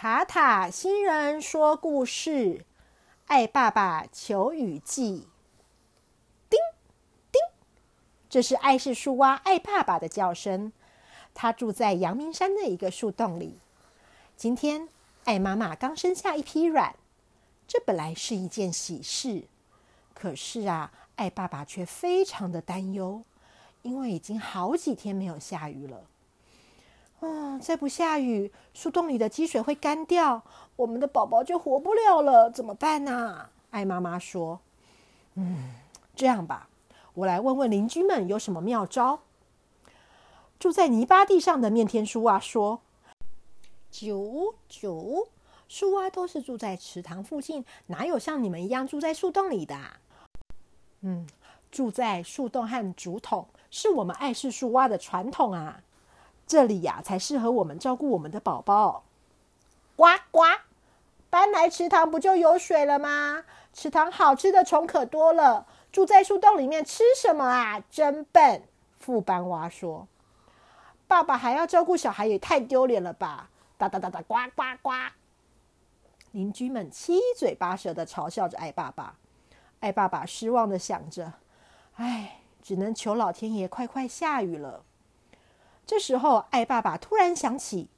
塔塔星人說故事，艾爸爸求雨記。叮，叮，這是艾氏樹蛙艾爸爸的叫聲。他住在陽明山的一個樹洞裡。今天，艾媽媽剛生下一批卵，這本來是一件喜事，可是啊，艾爸爸卻非常的擔憂，因為已經好幾天沒有下雨了。嗯，再不下雨，樹洞裡的積水會乾掉，我們的寶寶就活不了了，怎麼辦呢、啊？艾媽媽說：“嗯，這樣吧，我來問問鄰居們有什麼妙招。”住在泥巴地上的面天樹蛙、啊、說：“九九樹蛙都是住在池塘附近，哪有像你們一樣住在樹洞裡的、啊？”嗯，住在樹洞和竹筒是我們艾氏樹蛙的傳統啊。這裡呀、啊，才適合我們照顧我們的寶寶。呱呱，搬來池塘不就有水了嗎？池塘好吃的蟲可多了，住在樹洞裡面吃什麼啊？真笨！腹斑蛙說：“爸爸還要照顧小孩，也太丟臉了吧！”噠噠噠噠，呱呱呱！鄰居們七嘴八舌的嘲笑着艾爸爸。艾爸爸失望的想着：“唉，只能求老天爺快快下雨了。”這時候，艾爸爸突然想起，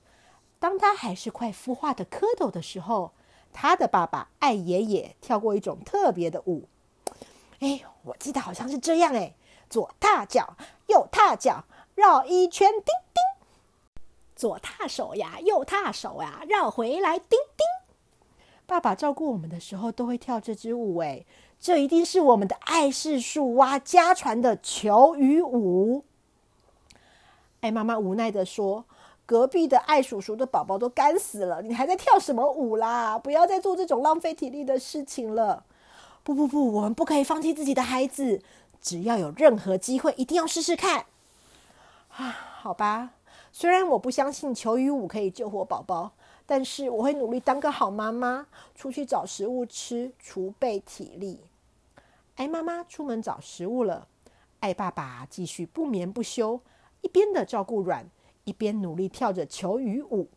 當他還是快孵化的蝌蚪的時候，他的爸爸艾爺爺跳過一種特別的舞。哎，我記得好像是這樣哎，左踏腳，右踏腳，繞一圈，叮叮；左踏手呀，右踏手呀，繞回來，叮叮。爸爸照顧我們的時候都會跳這支舞哎，這一定是我們的艾氏樹蛙家傳的求雨舞。艾媽媽無奈的說：“隔壁的艾叔叔的寶寶都乾死了，你還在跳什麼舞啦？不要再做這種浪費體力的事情了。”“不不不，我們不可以放棄自己的孩子，只要有任何機會，一定要試試看。”“啊，好吧，雖然我不相信求雨舞可以救活寶寶，但是我會努力當個好媽媽，出去找食物吃，儲備體力。”艾媽媽出門找食物了，艾爸爸繼續不眠不休。一邊的照顧卵，一邊努力跳着求雨舞，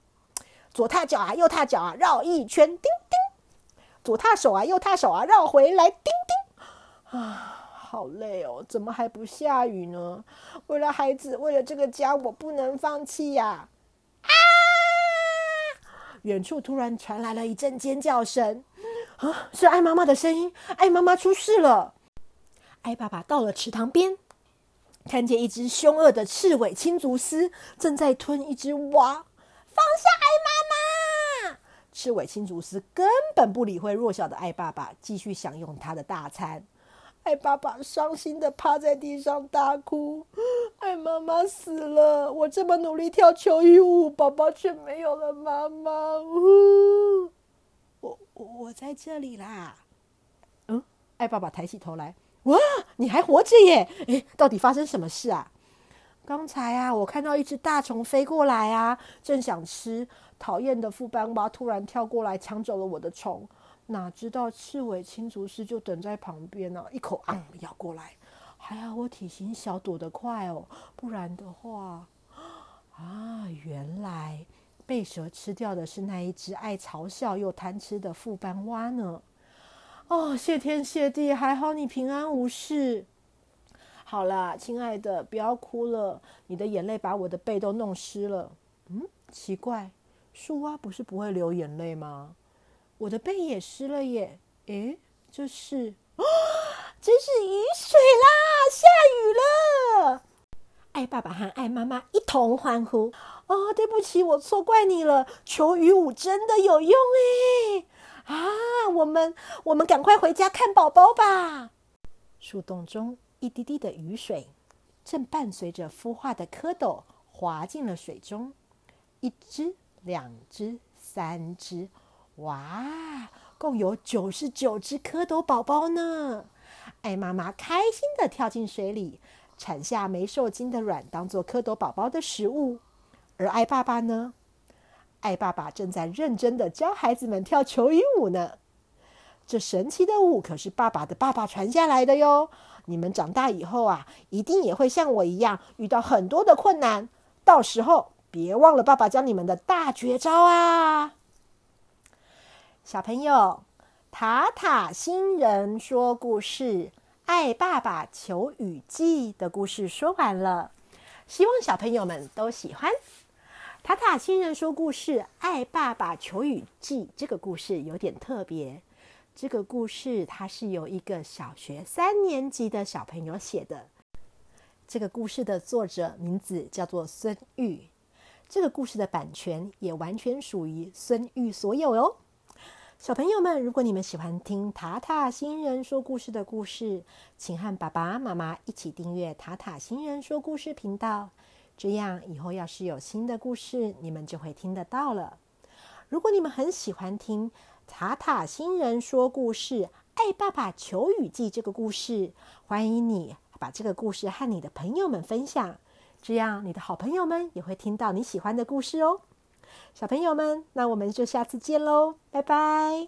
左踏腳啊，右踏腳啊，繞一圈，叮叮；左踏手啊，右踏手啊，繞回來，叮叮。啊，好累哦，怎麼還不下雨呢？為了孩子，為了這個家，我不能放棄呀。啊！啊！遠處突然傳來了一陣尖叫聲，啊，是艾媽媽的聲音，艾媽媽出事了！艾爸爸到了池塘邊。看見一隻兇惡的赤尾青竹絲正在吞一隻蛙放下艾媽媽。赤尾青竹絲根本不理會弱小的艾爸爸，繼續享用他的大餐。艾爸爸傷心地趴在地上大哭：“艾媽媽死了，我這麼努力跳求雨舞，寶寶卻沒有了媽媽。”嗚，我我我在這裡啦。嗯，艾爸爸抬起頭來。哇，你還活着耶！誒，到底發生什麼事啊？剛才啊，我看到一隻大蟲飛過來啊，正想吃，討厭的腹斑蛙突然跳過來搶走了我的蟲，哪知道赤尾青竹絲就等在旁邊呢、啊，一口啊、嗯、咬過來，還好我體型小，躲得快哦，不然的話，啊，原來被蛇吃掉的是那一隻愛嘲笑又貪吃的腹斑蛙呢。哦，謝天謝地，還好你平安無事。好了，親愛的，不要哭了，你的眼淚把我的背都弄濕了。嗯，奇怪，樹蛙不是不會流眼淚嗎？我的背也濕了耶。哎，就是，這是，真是雨水啦，下雨了。艾爸爸和艾媽媽一同歡呼。哦，對不起，我錯怪你了。求雨舞真的有用耶。啊，我們我們趕快回家看寶寶吧。樹洞中一滴滴的雨水，正伴隨着孵化的蝌蚪滑進了水中。一隻、兩隻、三隻，哇，共有九十九隻蝌蚪寶寶呢！艾媽媽開心地跳進水裡，產下沒受精的卵，當做蝌蚪寶寶的食物。而艾爸爸呢？艾爸爸正在認真的教孩子們跳求雨舞呢，這神奇的舞可是爸爸的爸爸傳下來的喲。你們長大以後啊，一定也會像我一樣遇到很多的困難，到時候別忘了爸爸教你們的大絕招啊！小朋友，塔塔星人說故事《艾爸爸求雨記》的故事說完了，希望小朋友們都喜歡。塔塔星人說故事《艾爸爸求雨記》這個故事有點特別，這個故事它是由一個小學三年級的小朋友寫的。這個故事的作者名字叫做孫喻，這個故事的版權也完全屬於孫喻所有哦。小朋友們，如果你們喜歡聽塔塔星人說故事的故事，請和爸爸媽媽一起訂閱塔塔星人說故事頻道。這樣以後要是有新的故事，你們就會聽得到了。如果你們很喜歡聽《塔塔星人說故事》《愛爸爸求雨記》這個故事，歡迎你把這個故事和你的朋友們分享，這樣你的好朋友們也會聽到你喜歡的故事哦。小朋友們，那我們就下次見嘍，拜拜。